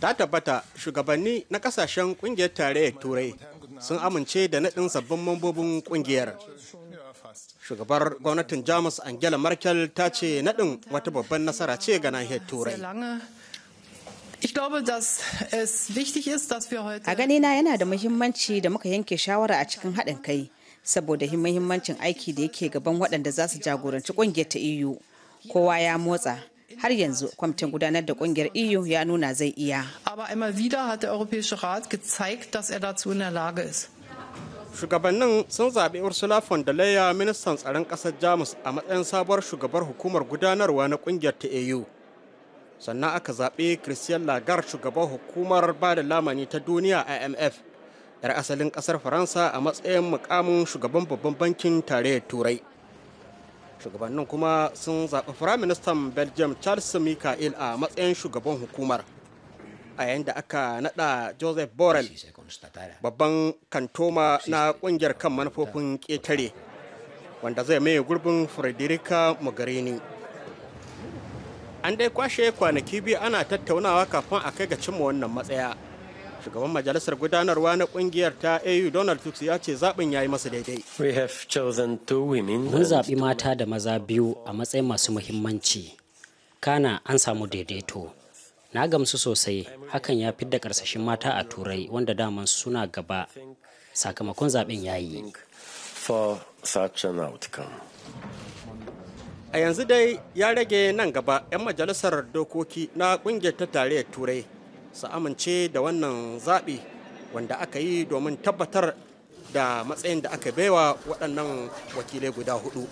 ta tabbata shugabanni na kasashen kungiyar tarayyar turai sun amince da naɗin sabbin mambobin kungiyar shugabar gwamnatin jamus angela merkel ta ce naɗin wata babban nasara ce ga nahiyar turai a ganina yana da muhimmanci da muka yanke shawara a cikin haɗin kai saboda muhimmancin aiki da yake gaban waɗanda za su jagoranci ƙungiyar ta eu kowa ya motsa har yanzu kwamitin gudanar da kungiyar eu ya nuna zai iya hat shugabannin sun zaɓi ursula von der leyen ministan tsaron ƙasar jamus a matsayin sabuwar shugabar hukumar gudanarwa na ƙungiyar ta eu sannan aka zaɓi christian lagarde shugaban hukumar ba da lamani ta duniya imf yar asalin ƙasar faransa a matsayin mukamin shugaban babban bankin tarayyar turai shugabannin kuma sun zaɓi firaministan belgium charles mikael a matsayin shugaban hukumar a yayin da aka nada joseph borrell babban kantoma na kungiyar kan manufofin ƙetare wanda zai maye gurbin frederica mogherini an dai kwashe kwanaki biyu ana tattaunawa kafin a kai ga cimma wannan matsaya shugaban majalisar gudanarwa na kungiyar ta AU Donald Tusk ya ce zaɓin ya yi masa daidai. we have Mun zaɓi mata da maza biyu a matsayin masu muhimmanci. Kana an samu daidaito. Na gamsu sosai hakan ya da karsashin mata a turai wanda dama suna gaba sakamakon zaɓin ya yi. A yanzu dai ya rage nan gaba 'yan majalisar dokoki na kungiyar ta tarayyar turai su amince da wannan zaɓi wanda aka yi domin tabbatar da matsayin da aka baiwa waɗannan wakilai guda hudu.